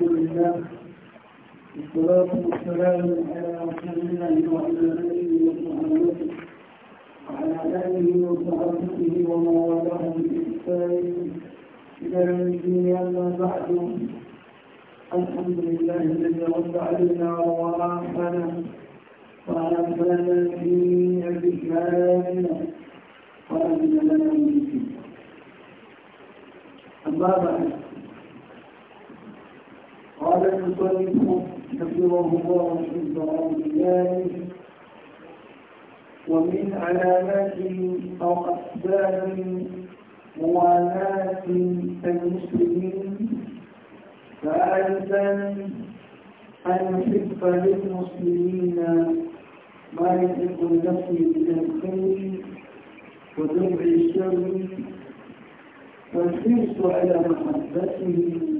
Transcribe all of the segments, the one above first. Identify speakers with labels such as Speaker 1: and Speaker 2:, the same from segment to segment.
Speaker 1: لله والصلاة والسلام على رسول الله وعلى آله وصحبه وعلى آله وصحبه ومن والاه بإحسان إلى يوم الدين أما بعد الحمد لله الذي رد علينا ووافقنا وعافانا في أبداننا وأذن لنا من أما بعد قال المصنف حفظه الله في كرامته ومن علامات أو أسباب موالاة المسلمين فأيضا أن يحب للمسلمين ما يحب لنفسه من الخير ودفع الشر والحرص على محبته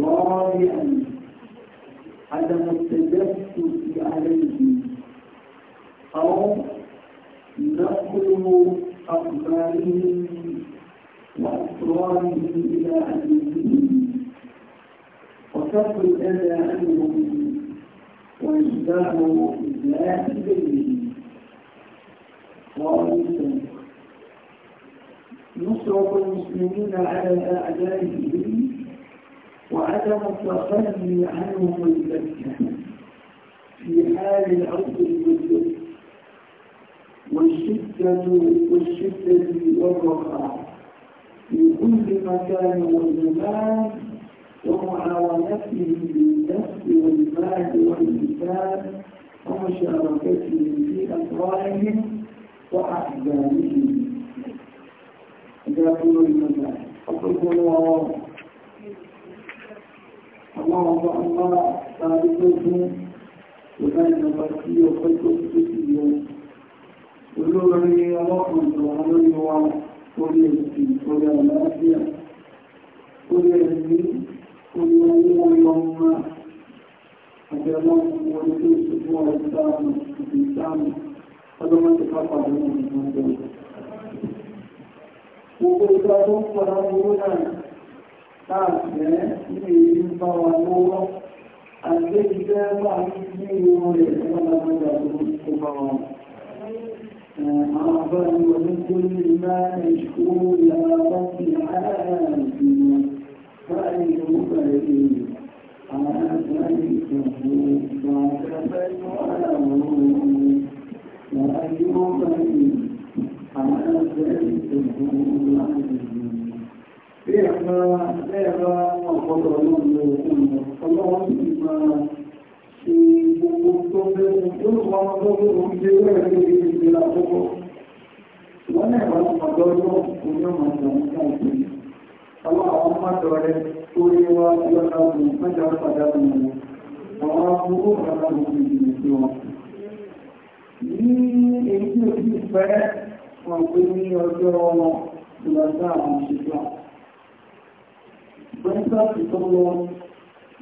Speaker 1: رابعا عدم التجسس عليه أو نقل أخبارهم وأسرارهم إلى أهلهم وكف الأذى عنهم وإشباع ذات بينهم خالصا نصرة المسلمين على أعدائهم وعدم التخلي عنهم البتة في حال العرض المدد والشدة والشدة والرخاء في كل مكان والزمان ومعاونته بالنفس والمال والانسان ومشاركتهم في أسرارهم وأحزانهم. هذا كل المسائل. الله اللهم الله صادقته وبين بقي ọmọ àjẹ́lọ́ orí gbogbo ìgbà tó ń pọ̀ láwọn orí náà láàfẹ́ ilé ìlú bá wà lọ́wọ́ àgbéjìdẹ́ bá ní ìwọ̀n rẹ̀ lọ́gbàgbà tó bá wọn àwọn àbára ní ọdún tó ní ìlà ìṣòro ìlànà bá ti àárẹ̀ ìgbìmọ̀ láàrin ìlú bẹ̀rẹ̀ èyí àwọn àgbáyé ìṣòro ìgbàgbà fẹ́ lọ́wọ́ àwọn ọmọ ìlú àwọn àgbáyé ìṣòro ìgbàgbà Wọ́n náà wọ́n pàdọ́ lọ́wọ́ kò ní ọmọ ìjọmọ́ káàkiri. Àwọn àwọn mọ́tọ̀ rẹ̀ tó rí wá lọ́nà ọdún mẹ́jọ pàdánù wọn. Àwọn akúrò pàdánù ìjìnlẹ̀ sí wọn. Ní èyí tí ó ti fẹ́ wọn pé ní ọjọ́ wọn, ìlọ́sá àwọn òṣìṣẹ́ Wẹ́ńtọ́ọ̀tì tó lọ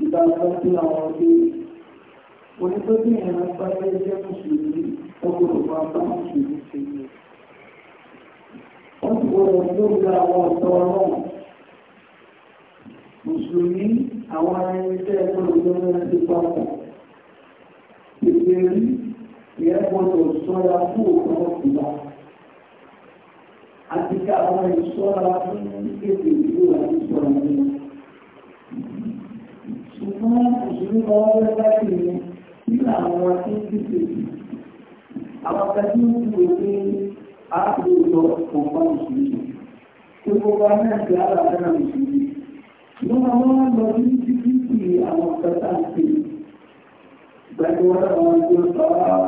Speaker 1: ìdájọ́ sí àwọn ọdún. Onítóbi ìrìn bá jẹ́ jẹ́ mùsùlùmí, ó gbọ́dọ̀ bá bá mùsùlùmí ṣe ní. Wọ́n ti gbọ́dọ̀ lórí àwọn ọ̀tọ̀ ọlọ́run. Mùsùlùmí àwọn ẹni tẹ́ gbọ́dọ̀ lórí ẹni papọ̀. Ìgbèrí ìyẹn ìṣọ́ra fún èdè ìlú àti ìṣọ́ra nínú. ṣùgbọ́n òṣèlú ọwọ́ lẹ́gbẹ̀ẹ́ rẹ̀ nígbà àwọn tí ń dìbò àwọn tẹ́jú ń dìbò pé àádọ́jọ ọ̀pá òṣèlú tó gbogbo amẹ́sẹ̀ alábẹ́rẹ́ òṣèlú ṣùgbọ́n àwọn tá a sí títí ah, àwọn tẹ́tà ń pè gbẹ́gbẹ́ wọn àwọn tí ó sọ ara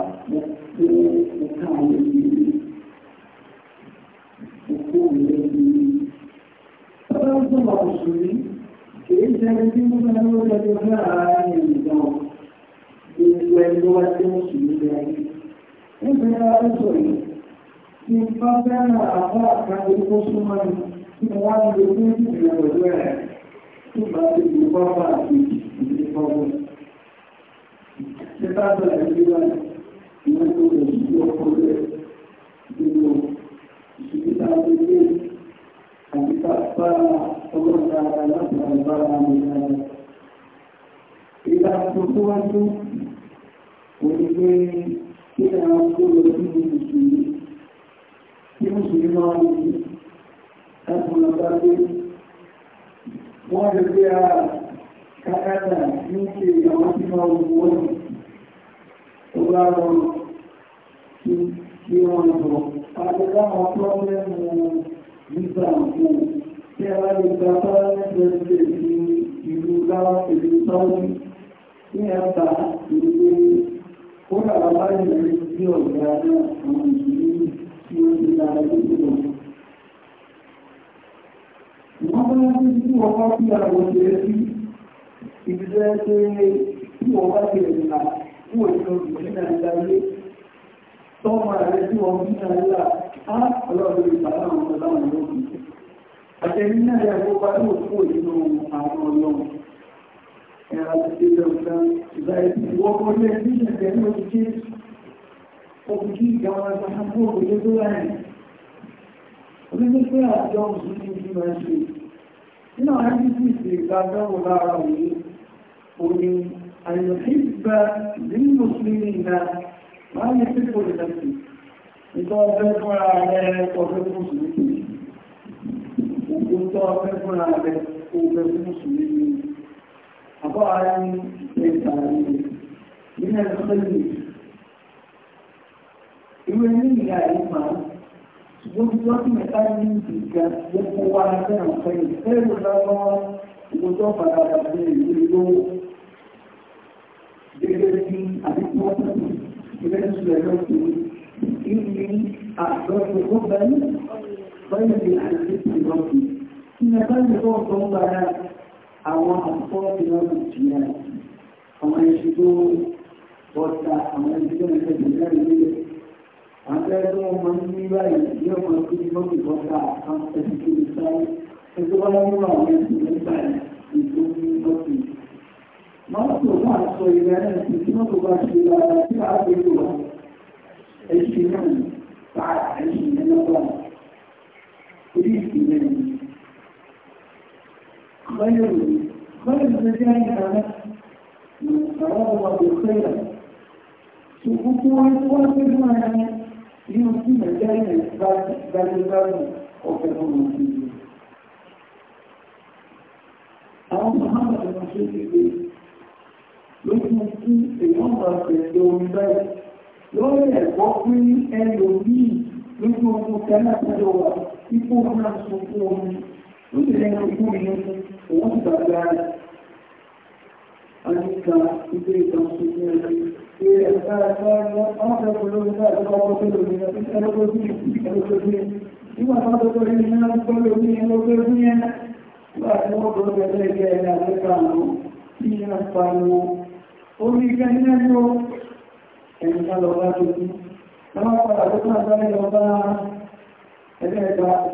Speaker 1: mọ̀ kìí ṣẹ́ni tí mo fẹ́ ló lẹ́jọ́ fẹ́ ara ní ìdán gbogbo ẹni ló wá tí mo sì ní ilé ayé nígbà tí wọ́n sọ yìí tí bá fẹ́ràn àbá àkàndé tó súnmọ́ ni tí mo wá ní ojú ìrìn pẹ̀lú ẹ̀ tí bá ti di pápá àti ìdílé pápá. Ṣé bá bẹ̀rẹ̀ ní wá ìwọ́n tó lè ṣí ọkọ̀ rẹ̀ nínú ìṣèlú tá ولا مثال إذا تقوت ولكن إذا أقول في المسلمين في مسلمان أقول لك wọ́n ti a kákàtà ní ṣe àwọn tí máa wùwọ́ ní tó bá rọrùn kí wọ́n lọ. Àti láwọn pọ́lẹ́mù tí a bá lè gba fọ́lá lẹ́sẹ̀ sí ìlú láwá ìlú sọ́ọ́lì ní àbá ìlú pé ó rà wá ìlú sí ọ̀gá náà àwọn ìlú tí ó ti dára lójú lọ. Wọ́n bá ń fi sí ọkọ̀ sí àwọn òṣèré sí ìbílẹ̀ pé tí wọ́n bá ti rìn là fún òṣèré òṣèré náà dáyé tọ́mọ àtẹ̀mí náà yà kó bá ní òkú ìlú àwọn ọlọ́run ẹ̀rọ àti ìjọba ìgbà ẹ̀bí ìwọ́pọ̀ ilé ẹ̀bí ìṣẹ̀kẹ́ ní oṣù kí oṣù kí ìgbà wọn ẹgbà ń bó òkú tó láì onígbé pé àjọ òṣìṣẹ́ ìlú máa ṣe nínú àwọn ẹbí ìṣe ìgbàdánwò lára òní òní àyọ̀kígbà ní mùsùlùmí ìgbà máa ń yẹ pípò ìdásí ìtọ́ ọgbẹ́ fúnra rẹ̀ ọ̀fẹ́ fún mùsùlùmí tó ọpẹ́ fún ààrẹ ọgbẹ́ fún mùsùlùmí àbọ́ ara ní ìpẹta rẹ̀ nínú ẹ̀sọ́lẹ̀ ìwé ní ìyá ìmá ṣùgbọ́n tí wọ́n ti mẹ́ta ní ìgbà gbogbo wa fẹ́ràn fẹ́ràn fẹ́ràn lọ́wọ́ ìwọ́n tó padà wà sí ìlú lówó gẹ́gẹ́ bí àdínkù ọ̀pọ̀ ìrẹsùlẹ̀ lọ́kùnrin إني أحببت حبا غير عن ذكر ربي Ní ẹgbẹ́ ìgbẹ́ ọ̀tọ́ ń bára àwọn àkọ́kọ́ ìlọ́rùn ti rẹ̀. Àwọn ẹṣù tó bọ́ta àwọn ẹgbẹ́ ìgbẹ́ ìgbẹ́ ìgbẹ́ Àgbẹ́ tó mọ ní báyìí ní ọmọ tó ní lọ́pù bọ́ta àwọn ẹgbẹ́ tó sáré. Ẹgbẹ́ wá nínú àwọn ẹgbẹ́ tó sáré ní tó ní lọ́pù. Mọ́tò máa sọ ìrẹ́lẹ̀ tí mọ́tò bá ṣe lára tí a gbé lò wá. Ẹṣin náà, bá ẹṣin náà lọ́wọ́. Orí ìpínlẹ̀ خير خير الزجاج على رواه بالخير سقوطه يتواصل معنا ليصيب دائما بعد الباب وكفر مسلم أو محمد المسلم lókun sí èèyàn bá tẹ̀lé orin báyìí lórí ẹ̀kọ́ pé ẹlòmíì lójú ogun kẹ́lá tẹ́lẹ̀ wà ipò náà sunkún omi nílẹ̀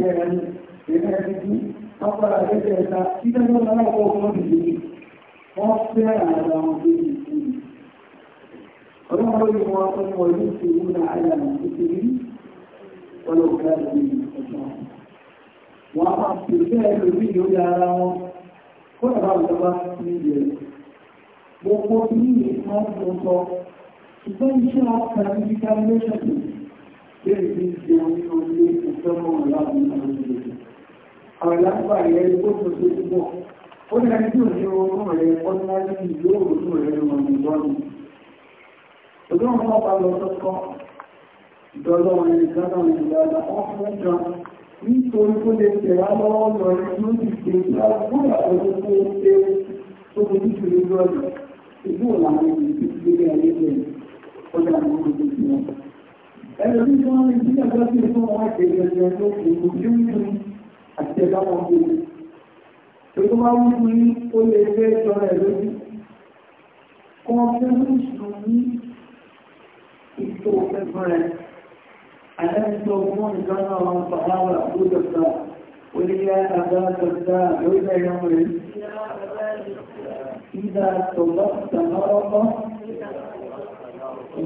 Speaker 1: ìlú wọ́n padà lẹ́sẹ̀ ẹ̀ta tí tẹ́lẹ̀ wọn náà wọ́n wọ́n ti lè wọ́n fẹ́ àwọn ọmọ ọdún wọn yìí wọn fún wọn ní ti wú náà àyà ní kékeré wọn lọ ká lè ní ọjọ́ wọn a máa fi fẹ́ lórí lórí wọn kó lè bá wọn ilẹ̀ àwọn ìlànà rẹ̀ ó tó ṣe púpọ̀ ó ní ẹni tí ò ní oòrùn rẹ̀ ọdúnwájú ìlú òòrùn rẹ̀ rọrùn lọ́nà ọdún wọn bá bá lọ sọ́kọ́ ìdọ́lọ́ rẹ̀ gánà ìgbàlá ọkùnrin kan nítorí kó lè tẹ̀wá lọ́wọ́ lọ inú ìgbé ìgbàlá ọdún tó ń pé tó fojú àti ẹ̀dá wọn kò tó tó máa wú ní ó lè fẹ́ sọ́rọ̀ ẹ̀ lójú kọ́ fẹ́ lóṣù ní ìtò ẹ̀fọn rẹ̀ àyẹ́sọ fún ìdáná àwọn pàdáwà tó dọ̀ta oníyá àbáṣọ́ta lórílẹ̀ ìyọ́mọ̀ rẹ̀ إذا طلقت مرضا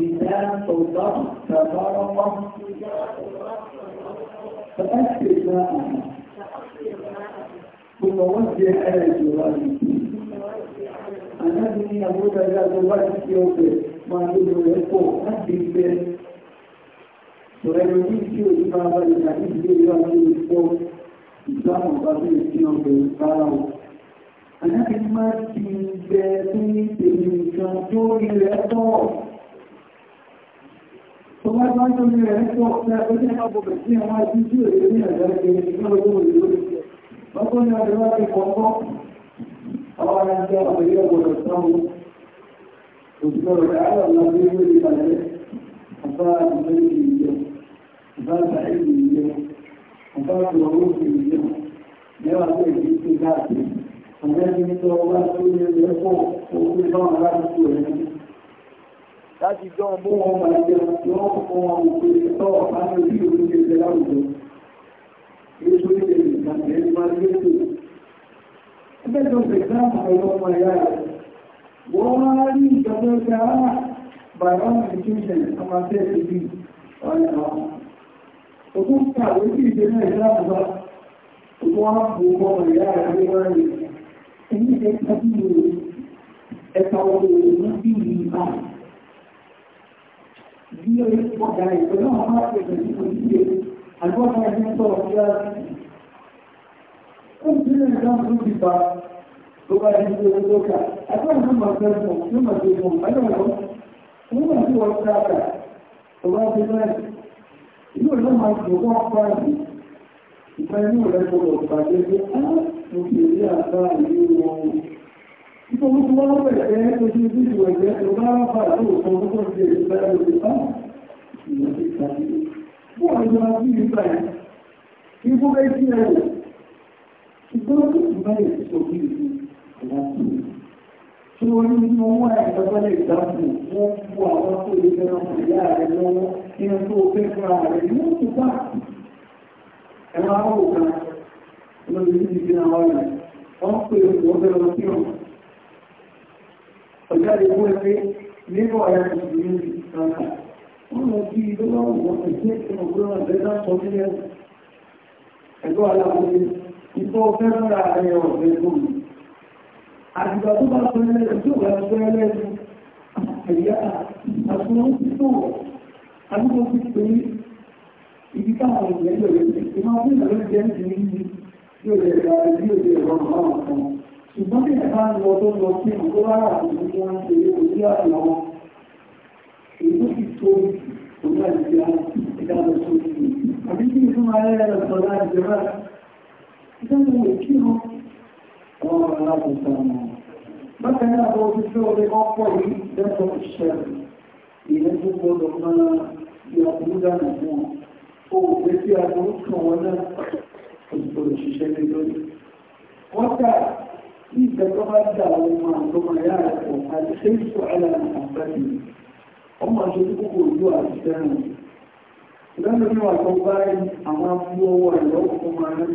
Speaker 1: إذا طلقت مرضا فأكد ما أنا متوجه على الجوال أنا بني أبوك إلى جوال السيوف ما يقول لكم أحبك Sọ̀rọ̀ ní tí ó ti bá bá ìgbà ní ìgbé ìwà ní ìpọ̀ ìgbàmọ̀ bá bí i tí ọmọ ìpára wọn. Àyàkì máa ti bẹ tó ní èdè ìkan tó rí rẹ̀ tọ́. Tó bá bá tó rí rẹ̀ tọ́, ṣe àpẹjẹ́ ọgbọ̀gbẹ̀ sí àwọn ìjú èrè ní àjá Mọ́kún ní ọdún wọ́n ti kọ̀ọ̀kọ́, àwọn ará jẹ́ ọ̀pẹ̀lẹ́ ọgbọ̀dọ̀ sọ́mù, òṣìṣẹ́ rẹ̀ àárọ̀ lọ sí ilé ìbàlẹ̀, àbá àdúgbò ìjọ, àbá àtàrí ìjọ, àbá àtàrí ìjọ, mẹ́wàá tó èdè tó káàkiri, àwọn ẹni tó wá sí ilé ẹ̀kọ́ òkú ìbáwọn aláàbùkù rẹ̀ láti jọ mú wọn máa jẹ ọmọ òkú ìtọ́ àti orí ìlú ìjẹ láwùjọ. Èso ìjẹ ìgbẹ́ máa lé tó. Ẹgbẹ́ tó fẹ̀ sáàmù àwọn ọmọ ìyá rẹ̀. Wọ́n ẹgbẹ́ ara by education ọmọ tẹ́ ti bí ọ̀rẹ́ àwọn. Òkún kàwé sí ìdè náà ìsáàmù bá. Òkún wọn bò ọmọ ìyá rẹ̀ ní wọ́n rẹ̀. Ẹni ẹ̀ tàbí ìlú ẹ̀ka ọ̀rọ̀ ìlú bí ìlú bá. Bí ó ó ti rí tó bá ti ṣe owó ká àtàwọn sí ẹ̀wọ̀ ṣùgbọ́n ó ti bẹ̀rẹ̀ ìṣòkè ìlú ìlàtí. Tí wọ́n ní mọ́ wọ́n àìsàbálẹ̀ ìdáàbò wọ́n bu àwọn tó lè fẹ́ràn fún ìyá rẹ̀ lọ́wọ́ ní ẹni tó fẹ́ fún ara rẹ̀ ní oṣù bá. Ẹ̀rọ àwọn òkan lórí ní ìdí àwọn rẹ̀ wọ́n pè é wọ́n fẹ́ lọ sí ọ̀nà. Ọ̀gá ìwé ẹgbẹ́ nínú ọ̀yà ìṣòro ní ìsìnkà. Wọ́n lọ sí ìdọ́lọ́wọ́ wọn ẹ̀jẹ̀ ìṣòro àbẹ́dá sọ nílẹ̀ ẹ̀gbọ́n aláwọ̀ ìfọ́ fẹ́rẹ́ra rẹ̀ tó bá fẹ́ tó bá fẹ́ lẹ́rẹ̀ àyà àtúnwọ́n ti tó àdúgbò ti pè é ibi táwọn rẹ̀ ti máa fún jẹ́ ti ní ibi lè ra ibi ó lè rọrùn láwọn kan ṣùgbọ́n bí ẹ̀ka ń lọ tó lọ sí ọkọ̀ rárá àti tí ìjọba ìkí wọn ọ̀rọ̀ aláàbò sọ̀rọ̀ bákan náà bọ́ ojú tí ó lè ọ̀pọ̀ yìí lẹ́tọ̀ ìṣẹ̀lẹ̀ ìyẹn tó gbọdọ̀ máa bí aburú dànù fún wọn ó wù pé tí aburú kan wọn náà òṣìṣẹ́ òṣìṣẹ́ lé lórí wọ́n kà sí ìgbẹ́tọ́ bá dà àwọn ọmọ àtọmọ ẹ̀yà rẹ̀ pọ̀ àti ṣé ìṣọ́ ẹlẹ́nu àgbẹ̀bí ọmọ aṣojú kókò ojú àti fẹ́ràn lẹ́nu ní wà tó bá àwọn afúnwọ́wọ́ ẹ̀yọ́ ọmọ aráàlú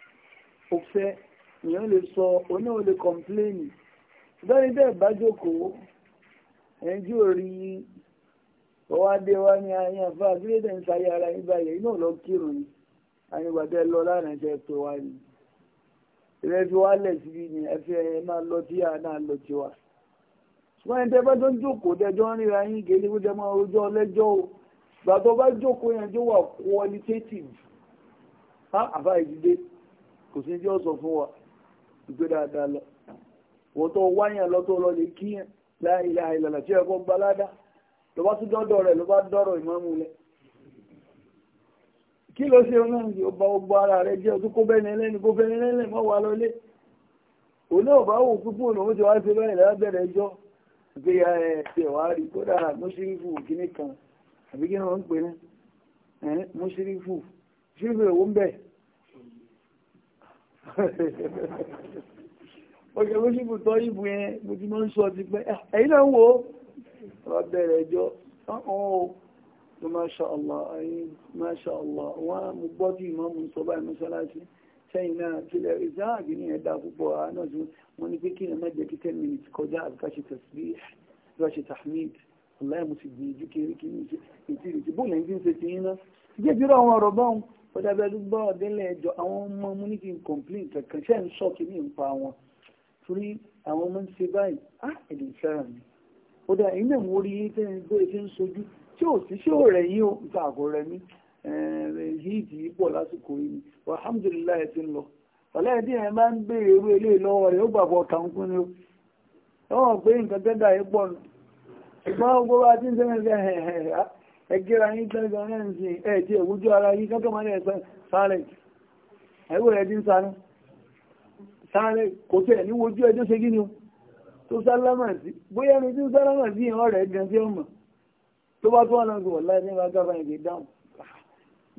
Speaker 1: ó fẹ́ èèyàn lè sọ oní ò lè kọ̀mpléènì bẹ́ẹ̀ni bẹ́ẹ̀ bá jókòó ẹ̀jú òrí ọwọ́ adé wa ní ayé àfa gírédẹ̀ ń sáyé ara yín báyìí inú lọ kírun ni àyìnbàdẹ́ lọ lánàá jẹ́ pé wá ni ìrẹ́ fi wá lẹ̀ síbi ni ẹ fi ẹ̀yẹ máa lọ tí àá náà lọ tiwa ṣùgbọ́n ẹni tẹ́ bá tó ń jókòó tẹjọ́ ń ríra yín kéde kó jẹ́ máa rojọ́ lẹ́jọ́ o gbàtọ́ bá jókòó yẹn jó wà qualitative kò sí jẹ́ ọ̀sọ̀ fún wa ìgbé dáadáa lọ wọ́n tó wáyàn lọ́tọ́ lọ lè kíyàn láìlà ìlànà tí ẹ̀kọ́ gbalada ló bá tún dọ́dọ̀ rẹ̀ ló bá dọ́rọ̀ ìmọ̀mù lẹ̀ kí ló ṣe ọ̀nà ní ọba ọgbọ ara rẹ̀ jẹ́ ọdún kó bẹ́ni ẹlẹ́ni kó bẹ́ni ẹlẹ́ni mọ́ wa lọlé òun náà bá wò púpọ̀ òun òun ti wá ṣe báyìí lábẹ́rẹ̀ ẹjọ́ pé ẹ ṣe wá rí kódà mọ́ṣírífù kìnnìkan àbí kí wọ́n ń pè ní mọ́ṣírífù ṣírífù èwo ń ọjọ́ oṣìbù tọ́ ìbù yẹn mo ti máa ń sọ ti pẹ́ ẹ̀yìn náà wò ó bẹ̀rẹ̀ ẹjọ́ ọ̀hún o masha Allah ẹ̀yìn masha Allah wọ́n mú gbọ́ tí ìmọ̀ mú sọ báyìí mọ́ṣáláṣí sẹ́yìn náà tilẹ̀ ìzáàgì ní ẹ̀dá púpọ̀ àánà tí wọ́n ní pé kí ẹ̀ mẹ́jẹ kí ten minutes kọjá àbíkáṣe tasbih àbíkáṣe tahmid ọ̀láyà mo ti gbìyànjú kéré kí ìtìrìtì bóòlù pẹ̀lú gbọ́ ọ̀dẹ́lẹ̀ ẹjọ́ àwọn ọmọ mú ní kí n complain kankan ṣe ń sọ kí ní ipa wọn torí àwọn ọmọ ń ṣe báyìí á ẹ̀dẹ̀ mi ó dá iná mú orí tẹ́ ẹ gbé ṣe ń sojú tí ò sí ṣé ò rẹ̀ yín àgọ́ rẹ̀ pọ̀ lásìkò yìí wà ẹ ti ń lọ ọ̀lẹ́ máa ń béèrè ilé lọ́wọ́ rẹ̀ ó gbàgbọ́ ẹgẹ́ra yín gbẹ́gbẹ́ náà ń sin ẹ̀ẹ́dì ẹ̀wójú ara yín kọ́kọ́ máa ní ẹ̀sán sáré ẹ̀wọ́ ẹ̀dí ń sáré sáré kò tẹ́ ẹ̀ níwojú ẹjọ́ ṣe o tó sálámà sí bóyá ẹni tí ń sálámà sí ìran rẹ̀ gan tí ó mọ̀ tó bá tó wà náà gbọ̀ láì ní wàá gábà ìgbé dáhùn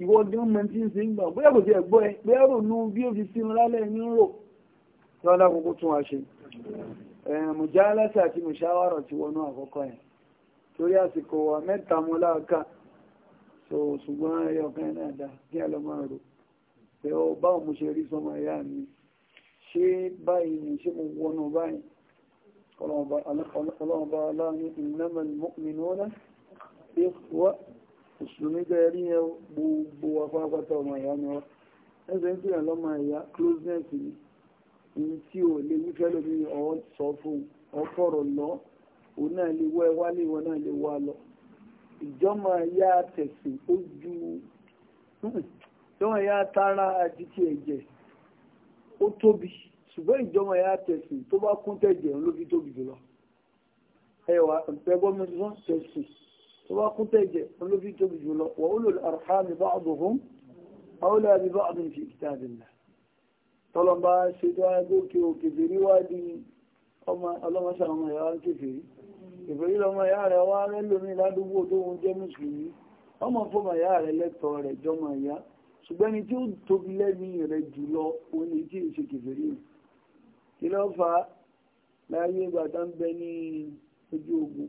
Speaker 1: ìwọ gan mọ tí ń ṣe ń gbà bóyá kò tẹ́ ẹ̀ gbọ́ ẹ bóyá rò nú bí ó fi sínú lálẹ́ ní ń rò lọ́dà kókó tún wá ṣe mùjálásà àti mùṣáwárọ̀ ti wọnú àkọ́kọ́ yẹn torí àsìkò wà mẹ́ta mọ́ láàká so ṣùgbọ́n ẹyọ kan náà dá kí ẹ lọ máa rò pé ọ báwo mo ṣe rí sọmọ ìyá mi ṣé báyìí ni ṣé mo wọnú báyìí ọlọ́run bá aláàánú innamal mu'minuna ikhwa mùsùlùmí bẹ́ẹ̀ rí yẹn gbogbo apáapáta ọmọ ìyá ni wọ́n ẹsẹ̀ ń pèyàn lọ́mọ ìyá closeness ni tí ò lè wífẹ́ lómi ọ̀ sọ fún ọ̀fọ̀rọ̀ lọ́ọ́ òun náà lè wọ ẹ wálé ìwọ náà lè wọ ọ lọ ìjọmọ ya tẹ̀sìn ó ju hmm, ìjọmọ ya tara àdìtì ẹ̀jẹ̀ ó tóbi ṣùgbọ́n ìjọmọ ya tẹ̀sìn tó bá kún tẹ̀jẹ̀ ló fi tóbi jùlọ ẹwà ẹgbọ́mi tó ń tẹ̀sìn tó bá kún tẹ̀jẹ̀ ló fi tóbi jùlọ wà ó lò àrùhámi bá ọdún fún àwọn àbí bá ọdún fi kitabillah tọ́lọ́mbà ṣe tó wáyé gòkè òkè bèrè wá di ọmọ ọlọ́mọṣà ọmọ ìyá wa ń ìbẹ̀rí lọmọ ìyá rẹ̀ wá rẹ̀ lómi ládúgbò tó ń jẹ́ mùsùlùmí ọmọ fọmọ ìyá rẹ̀ lẹ́tọ̀ rẹ̀ jọmọ ìyá ṣùgbọ́n ni tí ó tóbi lẹ́mí rẹ̀ jùlọ òun ni tí èsì kìfèrí kí ló fà á láyé ìgbà tó ń bẹ ní ojú ogun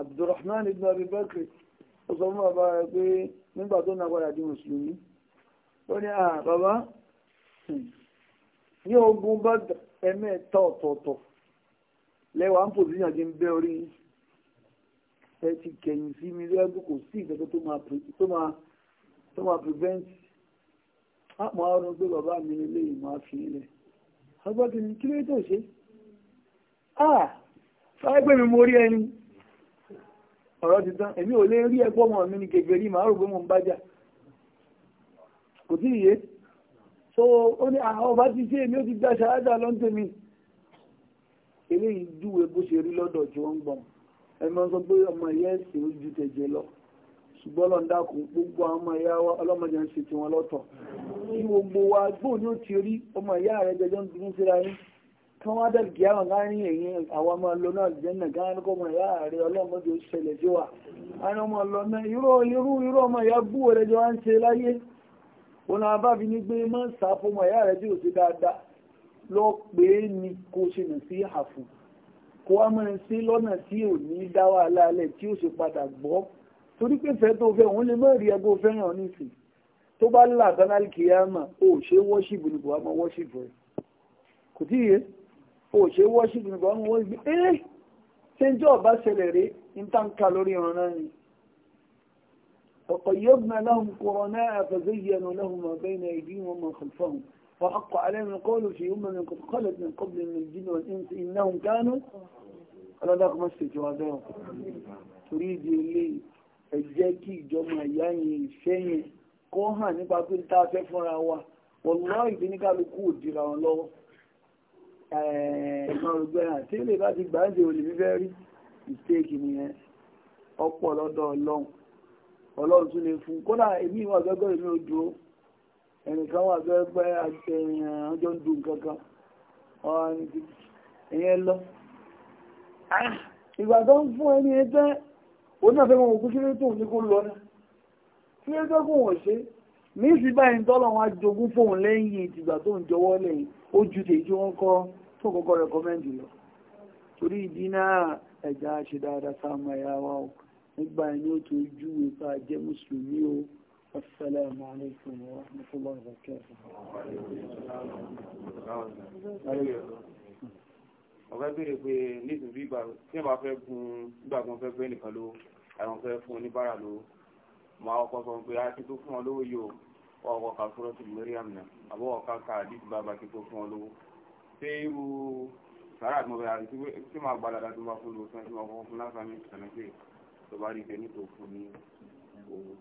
Speaker 1: Abdulrahman ibn Abi ah, ní ogun bá ẹ̀mẹ́ta ọ̀tọ̀ọ̀tọ̀ lẹ́wà ń pòsíyàn jí ń bẹ́ orí ẹ ti kẹ̀yìn sí mi lẹ́gbẹ́ kò sí ìgbẹ́gbẹ́ tó máa prevent àpọ̀ ọdún pé bàbá mi nílé ìmọ̀ àfi ilẹ̀ ọgbọ́dún kí ló tó ṣe ah sáré pé mi mo rí ẹni ọ̀rọ̀ ti tán èmi ò lè rí ẹgbọ́ mọ̀ mi ni kẹfẹ́ rí màá rò pé mo ń bájà kò tí ì so ó ní àwọn ọba ti ṣe èmi ó ti gbà ṣáájà lọ́ńtẹ̀mí eléyìí júwe bó ṣe rí lọ́dọ̀ tí wọ́n ń gbọ̀n ẹni wọ́n sọ pé ọmọ ìyá ẹ̀sìn ó ju tẹ̀jẹ̀ lọ ṣùgbọ́n lọ́n gbogbo ọmọ ìyá wa ọlọ́mọdé ń ṣe ti wọn lọ́tọ̀ kí gbogbo wa gbóòn ní ó ti rí ọmọ ìyá rẹ jẹjọ ń dúró síra yín kí wọ́n dẹ̀ kí àwọn láàrin èyí àwọn ọmọ lọ náà jẹ́ nà kí wọ́n ọmọ ìyá rẹ ọlọ́mọdé ó ṣẹlẹ̀ sí wa àwọn ọmọ lọ náà irú irú irú ọmọ ìyá gbúwo rẹ jọ wá ń ṣe láyé lọ pé ni kó ṣe nà sí àfù kó a máa ṣe lọ́nà tí ò ní dá wàhálà alẹ́ tí ó ṣe padà gbọ́ torí pé fẹ́ tó fẹ́ òun lè má rí ẹgbẹ́ fẹ́ràn nísìn tó bá là tánálì kìyàmà ó ṣe wọ́ṣìbù ní buhama wọ́ṣìbù rẹ̀ kò tí yé ó ṣe wọ́ṣìbù ní buhama wọ́ṣìbù ẹ́ ṣe ọba ṣẹlẹ̀ rẹ̀ ń tàǹkà lórí ọ̀ràn náà ni ọ̀pọ̀ yóò gbọ́n láhùn kọ́rọ̀ náà وحق عليهم القول في أمم قد خلت من قبل من الجن والإنس إنهم كانوا على ذاك ما استجوابهم تريد لي ẹ̀jẹ́kí ìjọmọ̀ ẹ̀yà yìí ìṣẹ́yìn kó hàn nípa pé tá a fẹ́ fúnra wa wọ́lọ́ ìdíníkàlùkù òdìra wọn lọ́wọ́ ẹ̀ẹ̀mọ̀ rògbẹ́ àti ilé bá ti gbáǹdé olè fífẹ́ rí mistake nìyẹn ọ̀pọ̀ lọ́dọ̀ ọlọ́run ọlọ́run tún lè fún kódà èmi ìwà gẹ́gọ́ èmi ò dúró ẹnìkan wà tó ẹgbẹ́ ọjọ́ ń dùn kankan ẹ̀yẹn lọ ah! ìgbà tó ń fún ẹni ẹgbẹ́ onífẹ́ wọn òkú kílé tó ní kó lọ náà kílé tó kò wọ́n ṣe ní ìsìnbá ẹni tọ́lọ̀ wọn ajogún fóun lẹ́yìn ìtìgbà tó ń jọwọ́ lẹ́yìn ó ju tèjú wọn kọ́ tó kọ́kọ́ rẹkọmẹ́ndì lọ torí ìdí náà ẹ̀já ṣe dáadáa sáà mọ̀ ẹ̀yà wa nígbà ẹni ó tó júwe pa jẹ́ mùsùlùmí o السلام عليكم ورحمة الله وبركاته ọ̀gá béèrè pé nítorí bí tí wọ́n bá fẹ́ gun nígbà tí wọ́n fẹ́ gbé nìkan ló àwọn fẹ́ fún oníbàárà ló máa ọkọ̀ sọ pé a ti tó fún ọ lówó yìí o ọkọ̀ kan fúrọ́ sí mẹ́ríàm náà àbọ̀ ọ̀kan ká àdìsí bàbá ti tó fún ọ lówó ṣé irú sàrà àti mọ̀bẹ̀rẹ̀ àti tí máa gba dada tó bá fún lówó tí wọ́n fọ́ fún lásán ní ìṣẹ̀lẹ̀ tó bá rí ìfẹ́ nítorí fún ní owó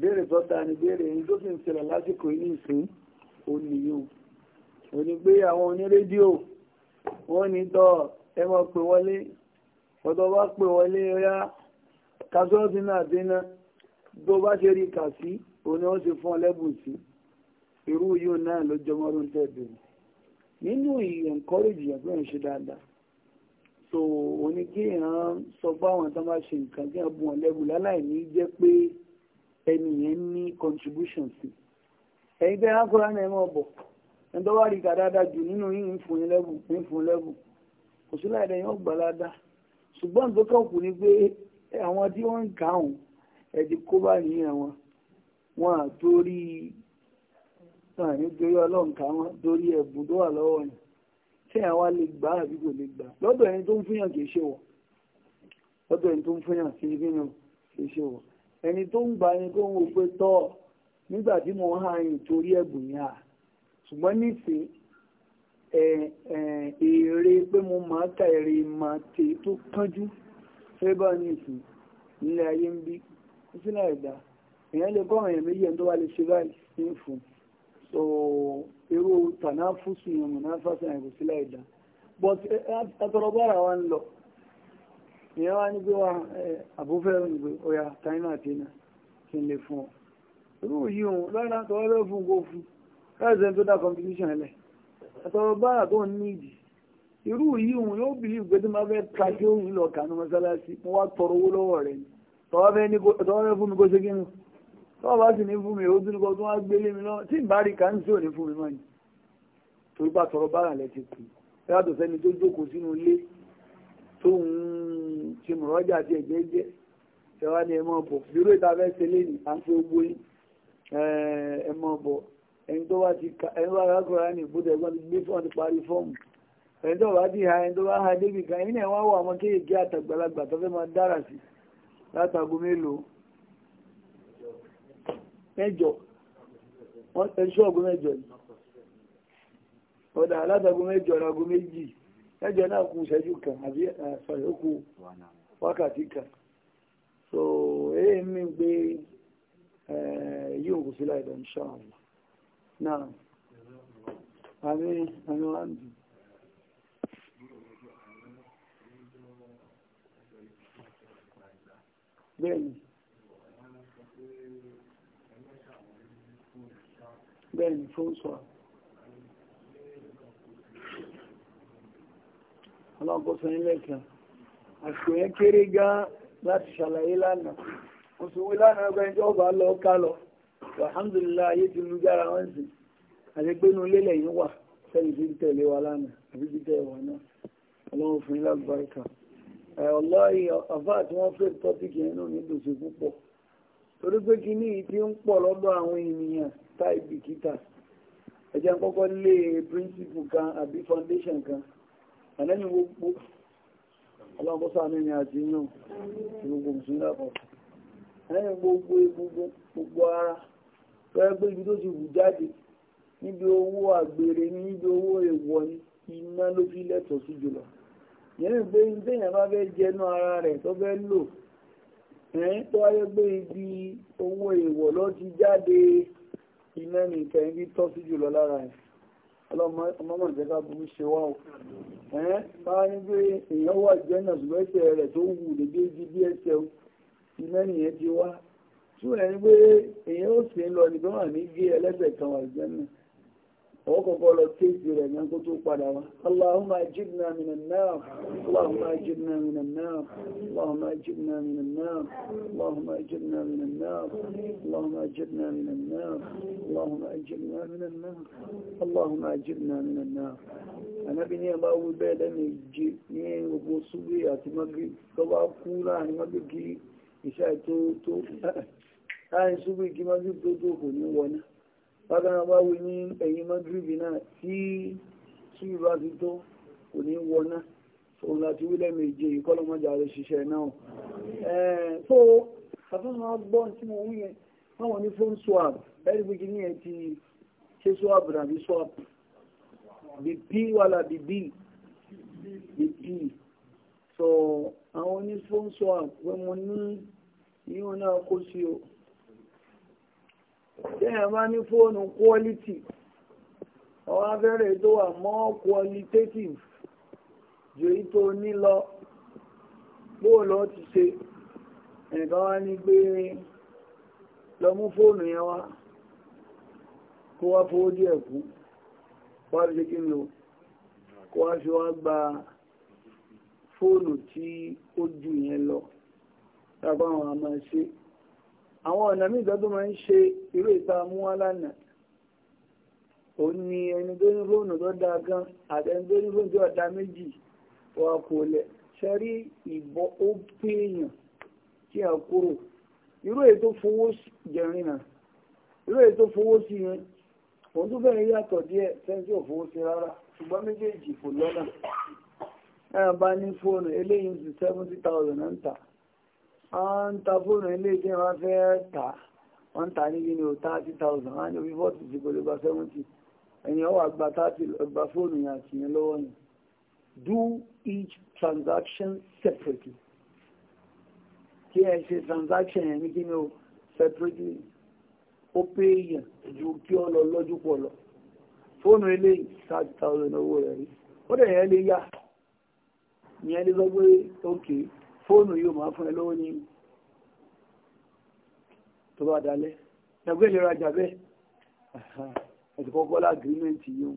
Speaker 1: béèrè bọ́ta ni béèrè yìí tó sì ń ṣẹlẹ̀ lásìkò yìí nìsín oníyó òní pé àwọn onírédíò wọ́n ní tọ́ ẹ mọ̀ pé wọlé ọ̀dọ́ bá pè wọlé ọ̀yá kásọ́ọ̀sì náà dínà tó bá ṣe rí kà sí òní wọ́n ti fún ọ lẹ́bùn sí irú yóò náà ló jọmọ́ ló ń tẹ̀dùn nínú ìyẹ̀ǹkọ́rẹ́jì ẹ̀gbẹ́ ń ṣe dáadáa so òní kí èèyàn sọ fún àwọn tó bá ṣe nǹkan kí wọ́n bù wọn lẹ́bùn láláì ní jẹ́ pé ẹni yẹn ní contribution sí ẹ̀yin tẹ́ hàn kúrò náà ẹ̀ mọ̀ bọ̀ ẹni tó wá rí ká dáadáa jù nínú yín ń fún yín lẹ́bù ń fún lẹ́bù kò sí láì dẹ́yìn ọgbà ládàá ṣùgbọ́n tó kàn kù ni pé àwọn tí wọ́n ń kà ọ̀hún ẹ̀dí kó bá nìyẹn wọn wọn àtórí náà nítorí ọlọ́ǹkà wọn torí ẹ̀bùn tó wà lọ́wọ́ yẹn tí àwa lè gbà àbí kò lè gbà lọ́dọ̀ ẹni tó ń fúnyàn kì í ṣe wọ̀ lọ́dọ̀ ẹni tó ń fúnyàn kì í ṣe wọ̀ ẹni tó ń gbà ni kó ń pe tọ́ nígbà tí mo ha yìn torí ẹ̀bùn yà ṣùgbọ́n nísìn èrè pé mo máa ka èrè máa tè tó kánjú fẹ́ bá nísìn ayé ń bí sílẹ̀ ẹ̀dá èèyàn lè kọ́ méjì ẹni tó wá lè ṣe báyìí fún so irú tànáfùsù yẹn mọ̀náfàṣà yẹn kò sílẹ̀ ẹ̀dá but ìyẹn wá ní pé wá àbúfẹ́rù ní pé ọya táínà tẹ́nà kí n lè fún ọ irú yìí òun lọ́nà tọwọ́ lọ́wọ́ fún kó fún láìsẹ̀ tó dá competition ẹlẹ̀ àtọwọ́ bára tó ní ìdí irú yìí òun yóò bí ìgbé tó máa fẹ́ tajú òun lọ kànú mọ́sálásí mo wá tọrọ owó lọ́wọ́ rẹ̀ ni tọwọ́ fẹ́ fún mi kó ṣe kí nù tọwọ́ bá sì ní fún mi ojú nìkan tó wá gbélé mi lọ tí ìbá rí kàńsí ò fún mi mọ́ ni torí bá tọrọ bára lẹ ti kù yàtọ̀ sẹ́ni tó jókòó sínú ilé tó ń ati mọ̀rọ́jà tí jẹ́ ẹwà ni ẹmọ bọ̀ bíró ìtafẹ́ ṣe lẹ́yìn àti ogbó yín ẹmọ bọ̀ ẹni tó bá ti ẹni ẹgbọ́n ti gbé ti parí fọ́ọ̀mù ẹni tó ti ha ẹni tó bá ha débi kan ẹni àtàgbàlagbà tó fẹ́ ẹjọ́ náà kú ìṣẹ́jú kan àbí ṣàyókù eh, wákàtí kan so èyí mi gbé yíò kù sílá ìdọ̀ ìṣọ́ọ̀lá náà àmì àmì wáńdì bẹ́ẹ̀ni bẹ́ẹ̀ni fún sọ́ọ̀lá ọlọ́kọ̀ọ́sọ ilé kan àṣò yẹn kéré gan láti ṣàlàyé lánàá mo sì wí lánàá ẹgbẹ́ ẹjọ́ ọba lọ ká lọ alhamdulillah ayé ti lu jára wọn sí àdégbénu lélẹ̀ yìí wà sẹ́yìn tí ń tẹ̀lé wa lánàá àbí ti tẹ̀ wà náà ọlọ́run fún yín lágbàríkà ẹ̀ ọlọ́yìn àfáà tí wọ́n fẹ́ tọ́pìkì yẹn náà ní dòṣe púpọ̀ torí pé kí ní ìtí ń pọ̀ lọ́dọ̀ àwọn ènìyàn táìbì kíta ẹ̀jẹ̀ kọ́kọ́ lé príncipù kan àbí foundation kan àlẹ́yìn gbogbo ọlọ́pọ̀sá ní àti inú gbogbo mùsùlùmí lápọ̀ àlẹ́yìn gbogbo egungun gbogbo ara fẹ́ pé ibi tó ti wù jáde níbi owó àgbèrè ní níbi owó èèwọ̀ ní iná ló fi lẹ́tọ̀ọ́ sí jùlọ yẹn pé téèyàn bá fẹ́ jẹnu ara rẹ̀ tó fẹ́ lò ẹ̀yìn tó wáyé pé ibi owó èèwọ̀ ló ọlọ́mọ ìjẹ́ká burú ṣe wá o ẹ̀ẹ́ báwa ní pé èèyàn wà jẹ́ náà ṣùgbọ́n ẹsẹ̀ rẹ̀ tó wù lè dé ibi bí ẹsẹ̀ o ti mẹ́rin yẹn ti wá ṣùgbọ́n ẹni pé èèyàn ó sì ń lọ nìkan wà ní gé ẹlẹ́sẹ̀ kan wà jẹ́ náà وقبل التجر من قطوب على اللهم اجبنا من النار اللهم اجبنا من النار اللهم اجبنا من النار اللهم اجبنا من النار اللهم اجبنا من النار اللهم اجبنا من النار اللهم اجبنا من النار انا بني الله وبدا نجي ني وبوسوي اتمغي كوا كولا نمغي إشاء تو تو هاي سوبي كما جبتو تو كوني وانا bákanáà bá wí ní ẹ̀yìn mọ́gírìbì náà tí túbí bá ti tó kò ní wọná òun láti wílẹ̀ méje ìkọlọmọjà rẹ̀ ṣiṣẹ́ náà so àfihàn agbọ́n tí mo wí yẹn wọ́n ní fún swab ẹ̀rí bí kìíní ẹ̀ ti ṣe swab rà bí swab bí p wàlà bí b bí p so àwọn ní fún swab wọ́n mo ní ìwọ̀n náà kó sí o téèyàn bá ní fóònù quality ọwọ́ abẹ́rẹ́ tó wà more qualitative ju èyí tó ní lọ bóòlù ọ ti ṣe ẹ̀ka wá ní pé lọ mú fóònù yẹn wá kó wá fowó díẹ̀ kú wá fi kí n lò kó wá fi wá gba fóònù tí ó ju yẹn lọ lápá àwọn àmọ́ ṣe. àwọn ọ̀nà míì tó máa ń ṣe irú ìta múwálánà ó ní ẹni tó ní fóònù tó dáa gan àti tó ní fóònù tó ọ̀dá méjì wà kò lẹ̀ rí ìbọn ó péèyàn kí a kúrò irú èyí tó fowó jẹrin náà irú èyí tó fowó sí yẹn òun tó wọ́n ń ta fóònù ilé tí wọ́n fẹ́ tà wọ́n ń níbi ní o thirty thousand wọ́n á ní orí forty ti gbọ́dọ̀ gba seventy ẹ̀yìn ọwọ́ àgbà thirty ọgbà fóònù yẹn àti yẹn lọ́wọ́ yẹn do each transaction separately kí ẹ ṣe transaction yẹn ní kí ni o separately ó pé èèyàn ju kí ọ lọ lọ́jú pọ̀ lọ fóònù ilé thirty thousand owó rẹ̀ rí ó dẹ̀ yẹn lè yá ìyẹn lè sọ pé okay fóònù yóò máa fún ẹ lọ́wọ́ ní tó bá dalẹ̀ ẹgbẹ́ ìlera jàbẹ́ ẹ̀tùkọ́kọ́ lágrímẹ́ntì yóò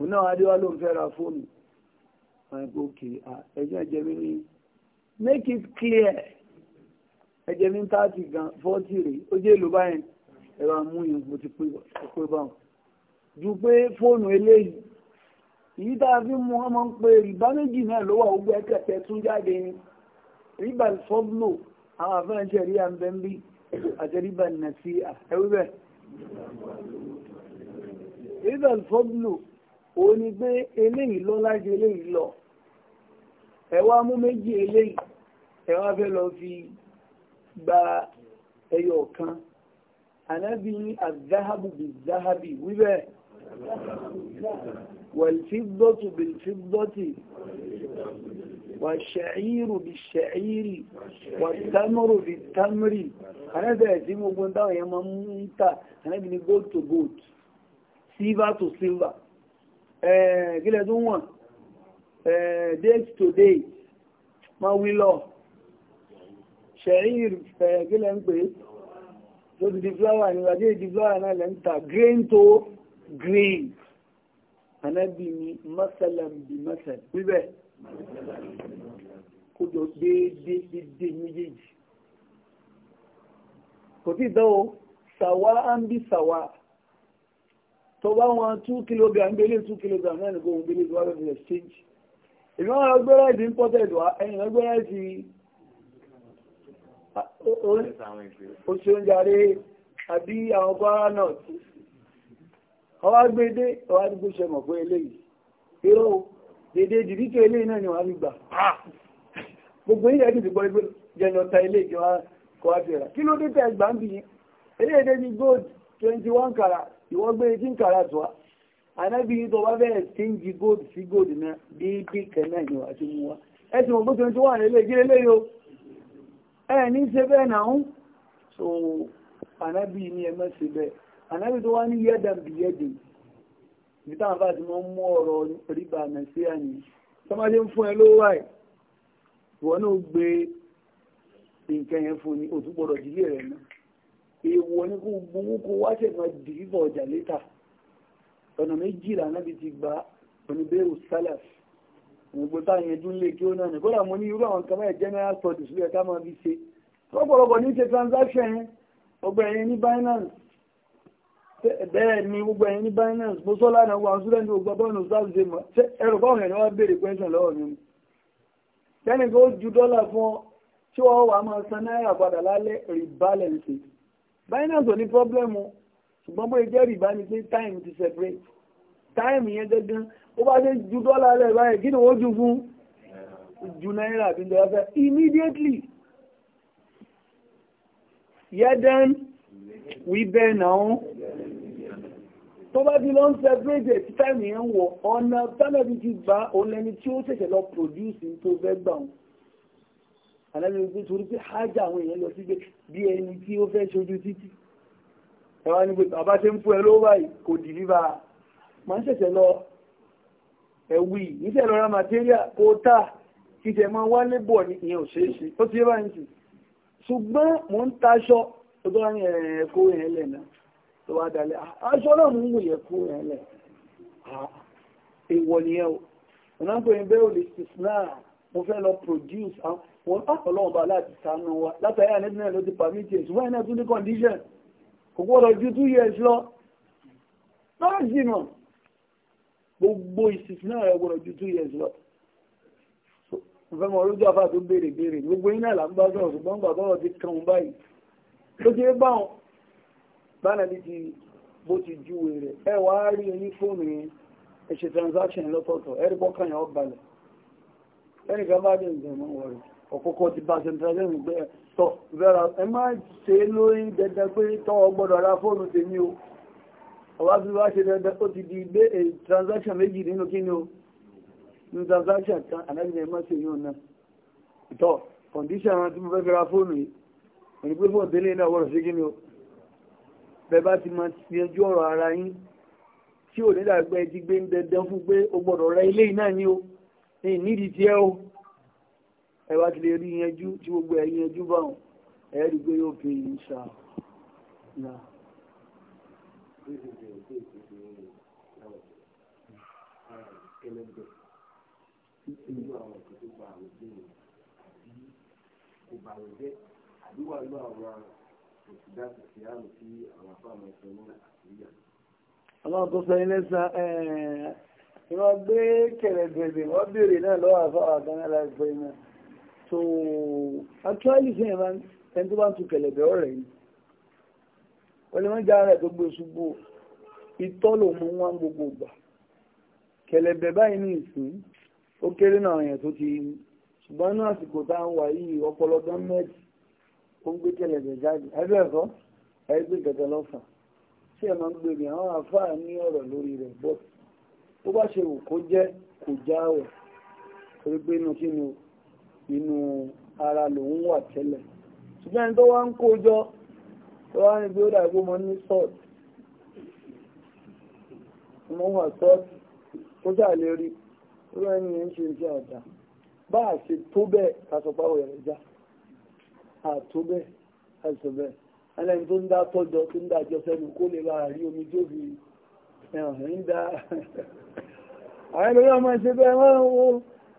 Speaker 1: òun náà adéwà ló ń fẹ́ ra fóònù àìgbókè ẹjọ́ ẹjẹ́ mi ní make it clear ẹjẹ́ mi ń tààtì gan fọ́tì rèé ó jẹ́ èlò báyẹn ẹ̀rọ amúyìn mo ti pé báwọn ju pé fóònù eléyìí èyí tá a fi mú ọmọ ń pe ìbá méjì náà ló wà ó gbẹ́kẹ̀tẹ̀ tún jáde ni ríbà الفضل àwọn àfẹ́ràn jẹ́ rí àmbẹ́ ń bí àti ríbà nà sí ẹwúbẹ̀ ríbà fọ́blò ó ní pé eléyìí lọ láti eléyìí lọ ẹwà mú méjì eléyìí ẹwà fẹ́ lọ fi gba ẹyọ kan anábì àzáhábù bí záhábì wíbẹ̀ wàlfíbọ́tù bí fíbọ́tì والشعير بالشعير والتمر بالتمر أنا بأزيم وقنطا يا ممتا أنا بني gold to gold silver to silver gílẹ̀ tó wọ̀n date to date ma wí lọ ṣẹ̀yìn gílẹ̀ ń pè tó ti di flower ni wàdí di flower náà lẹ́ ń ta grain to grain anábì ni masalam bi masal wíbẹ̀ kó jọ déédéé déédéé méjèèjì kò tí ì dán o sàwá á ń bí sàwá tó bá wọn two kilogram gbélé two kilogram náà nìkan òun gbélé tó wá lọ sí exchange èmi wọn lọ gbé ráìdì imported wá ẹ̀yìn lọ gbé ráìdì oṣù oúnjẹ rẹ àbí àwọn kwara north ọwá gbé dé ọwá dúgbò ṣe mọ̀ pé eléyìí irọ́ o dédé dìdítò ilé náà ni wọ́n ń gbà ah! gbogbo ilé ẹ̀dùn ti gbọ́ ẹgbẹ́ jẹlọ ta ilé ìjọba kọ́ àfihàn kí ló dé tẹ́ ẹgbà ń bì yín ilé èdè ní gold twenty one kara ìwọ́n gbé eighteen karat wá ànábì yìí tó wá bẹ́ẹ̀ ṣéǹjì gold sí gold náà déédé kẹ́nà ni wàá ti mú wa ẹ sì twenty one ilé ìjírẹ́ lé yo ẹ ní ṣe bẹ́ẹ̀ náà ń so ànábì yìí ni ẹ mọ̀ ṣe bẹ́ẹ̀ ànábì tó wá ní yẹ́dàn bì ibi táwọn bá ti mọ́ mú ọ̀rọ̀ ríbà nàìjíríà ni tọ́mọdé ń fún ẹ lówó wáyé ìwọ náà gbé nǹkan yẹn fún ni òtún gbọ́dọ̀ dílé rẹ̀ náà èèwọ̀ ní kó gbowó kó wá ṣẹ̀gbọ́n dìrífọ̀ ọjà létà ọ̀nà méjìlá náà ti gba oníbẹ̀rù sálàf ògbó táyẹn dún lé kí ó náà ní kódà mo ní irú àwọn kan báyìí general studies ló yẹ ká máa fi ṣe lọ́pọ̀lọpọ̀ ní ṣe transaction yẹn ọgbà ẹ̀yẹn ní Binance bẹ́ẹ̀ ni gbogbo ẹ̀yin ní binance mo sọ́lá náà wà ṣúlẹ̀ ní gbogbo bọ́ọ̀nù sáà ṣe mọ̀ ṣé ẹ̀rọ báwọn ẹ̀rọ wá béèrè question lọ́wọ́ mi mu lẹ́nu kí ó ju dọ́là fún ọ tí wọ́n wà máa san náírà padà lálẹ́ rebalance binance ò ní pọ́blẹ́mù ṣùgbọ́n bóyá jẹ́ rìbá ni pé time ti separate time yẹn gangan ó bá ṣe ju dọ́là lẹ̀ báyìí kí ni wọ́n ju fún ju náírà àti ìjọba fẹ́ immediately yẹ́dẹ́n wíbẹ̀ náà tó bá di lọ́n sẹ́gbẹ́jẹ̀ tí táìmì yẹn ń wọ̀ ọ̀nà tánàbí ti gbà òun lẹni tí ó ṣẹ̀ṣẹ̀ lọ pòdúsì tó fẹ́ gbà wọn àlẹ́bí wípé torí pé hájà àwọn èèyàn lọ síbẹ̀ bí ẹni tí ó fẹ́ ṣojú títì ẹwà ní pé bàbá ṣe ń fún ẹ lówó báyìí kò dì bíbá máa ń ṣẹ̀ṣẹ̀ lọ ẹ̀wì níṣẹ́ lọ ra màtíríà kó tà kí ṣe máa wálé bọ̀ ní ìyẹn ò ṣeé ṣe ó ti yé báyìí ṣùgbọ́n mò ń taṣọ ọjọ́ ẹ̀ẹ́kó yẹn náà tó wá dalẹ̀ ah, aṣọ náà mú wò yẹ kú yẹn lẹ̀ ah, èèwọ̀ nìyẹn o ọ̀nà pé bẹ́ẹ̀ ò lè sísná mo fẹ́ lọ produce wọn ọlọ́run bá láti sànú wa látàrí àníbi náà ló ti permit it ṣùgbọ́n iná tún ní condition kò gbọ́dọ̀ ju two years lọ maximum gbogbo ìsìsìnà rẹ̀ gbọ́dọ̀ ju two years lọ ọ̀fẹ́ mọ̀ olójú afá tó béèrè béèrè gbogbo iná là ń bá sọ̀rọ̀ ṣùgbọ́n gbàgbọ́rọ̀ ti kàn báyìí ló ṣe é báwọn bánà bí ti bó ti júwe rẹ̀ ẹ wá rí oní fóònù yẹn ẹ̀ṣẹ̀ transaction lọ́tọ̀ọ̀tọ̀ ẹ̀rí bọ́kàn yẹn ọ̀balẹ̀ ẹnì kan bá dé ǹjẹ́ mọ́ wọ̀rẹ̀ ọ̀kọ́kọ́ ti bá centralism gbé tọ̀ vera ẹ má ṣe lórí dandan pé tọ́ ọ gbọ́dọ̀ fóònù tèmi o ọba fi wá ṣe dandan ó ti di gbé transaction méjì nínú kí ni o ní transaction kan àdájọ́ ẹ má ṣe yóò náà ìtọ́ condition àwọn tí mo fẹ́ fi bẹ́ẹ̀ bá ti máa ti yanjú ọ̀rọ̀ ara yín tí ò nígbà pé ẹ ti gbé ń dandan fún pé o gbọ́dọ̀ ra ilé yìí náà ni o ẹ̀yìn nídìí tiẹ́ o ẹ bá ti lè rí yanjú tí gbogbo ẹ̀ yanjú báwọn ẹ rí pé yóò fi yìí sá. Ìgbà òjẹ́ àdúgbò àwọn ọlọ́run tó sọ ilé san ìwọ́n gbé kẹ̀rẹ̀gbẹ̀gbẹ̀ wọ́n bèèrè náà lọ́wọ́ àfáwà gánà láìpẹ́ iná so actually sí ẹ̀mà ẹni tó bá ń tu kẹ̀lẹ̀gbẹ̀ ọ̀rẹ́ yìí wọ́n lè wọ́n já rẹ̀ tó gbé ṣubú itọ́ ló mú wọn gbogbo gbà kẹ̀lẹ̀gbẹ̀ báyìí ní ìsìn ó kéré náà yẹn tó ti ṣùgbọ́n náà àsìkò tá à ń wà yìí ọpọlọ gán ó ń gbé kẹlẹ̀bẹ̀ jáde ẹgbẹ́ ẹ̀kọ́ ẹgbẹ́ kẹtẹ lọ́fà tí ẹ̀ máa ń gbèrè àwọn àfáà ní ọ̀rọ̀ lórí rẹ̀ bọ́ tó bá ṣe wù kó jẹ́ kò já rẹ̀ torí pé inú kí ni inú ara lòun wà tẹ́lẹ̀ ṣùgbọ́n ẹni tó wá ń kó jọ tó wá ní bí ó dàgbó mọ́ ní sọ́ọ̀tì mo wà sọ́ọ̀tì ó ṣàlérí ó rẹ̀ ní ẹ̀ ń ṣe iṣẹ́ bá a ṣe tó bẹ́ẹ̀ ká sọ pé àwọn ẹ̀rẹ̀ já àtó bẹ́ẹ̀ àìsàn bẹ́ẹ̀ ẹlẹ́ni tó ń dá tọ́jọ tó ń dájọ sẹ́nu kó lè bá rí omi tó fi ẹ̀hàn ń dá àwọn ẹlòmí ọmọ ẹ̀ṣẹ́ bẹ́ẹ̀ wọ́n wo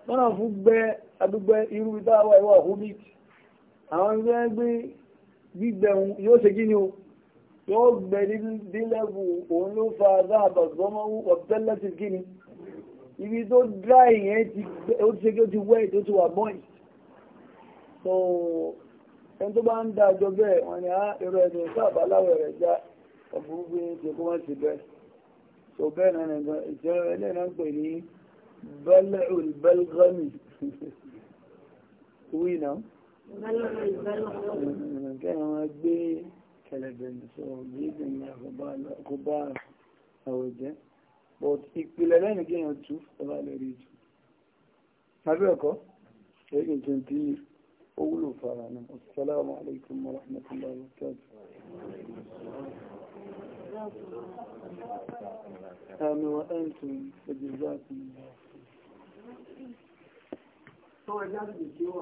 Speaker 1: wọ́n náà fún gbẹ adúgbẹ irú ìdáwà ìwà hobbit àwọn ẹgbẹ́ gbé gbígbẹ yóò ṣe gíní o yóò gbẹ dílẹ́bù òun ló fa dáàbà gbọ́mọ́wú ọ̀tẹ́lẹ́tì gíní ibi tó dry yẹn ti ṣe kí ó ti wẹ́ tó ti wà bọ́ì ẹni tó bá ń dá àjọ bẹ́ẹ̀ wọ́n ní á ah, irú ẹni sáàbà láwẹ̀ rẹ̀ já ọ̀bùrúgbé ti kó wọ́n ti bẹ́ so bẹ́ẹ̀ náà nìkan ìṣẹ́ ẹlẹ́ náà ń pè ní balẹ̀ul balgami wí náà kẹ́yìn wọn but ìpìlẹ̀ lẹ́nu kéèyàn tú ọba lórí ìtù abẹ́ ẹ̀kọ́ èyí kìí قولوا فعلنا السلام عليكم ورحمة الله وبركاته أما وأنتم فجزاكم الله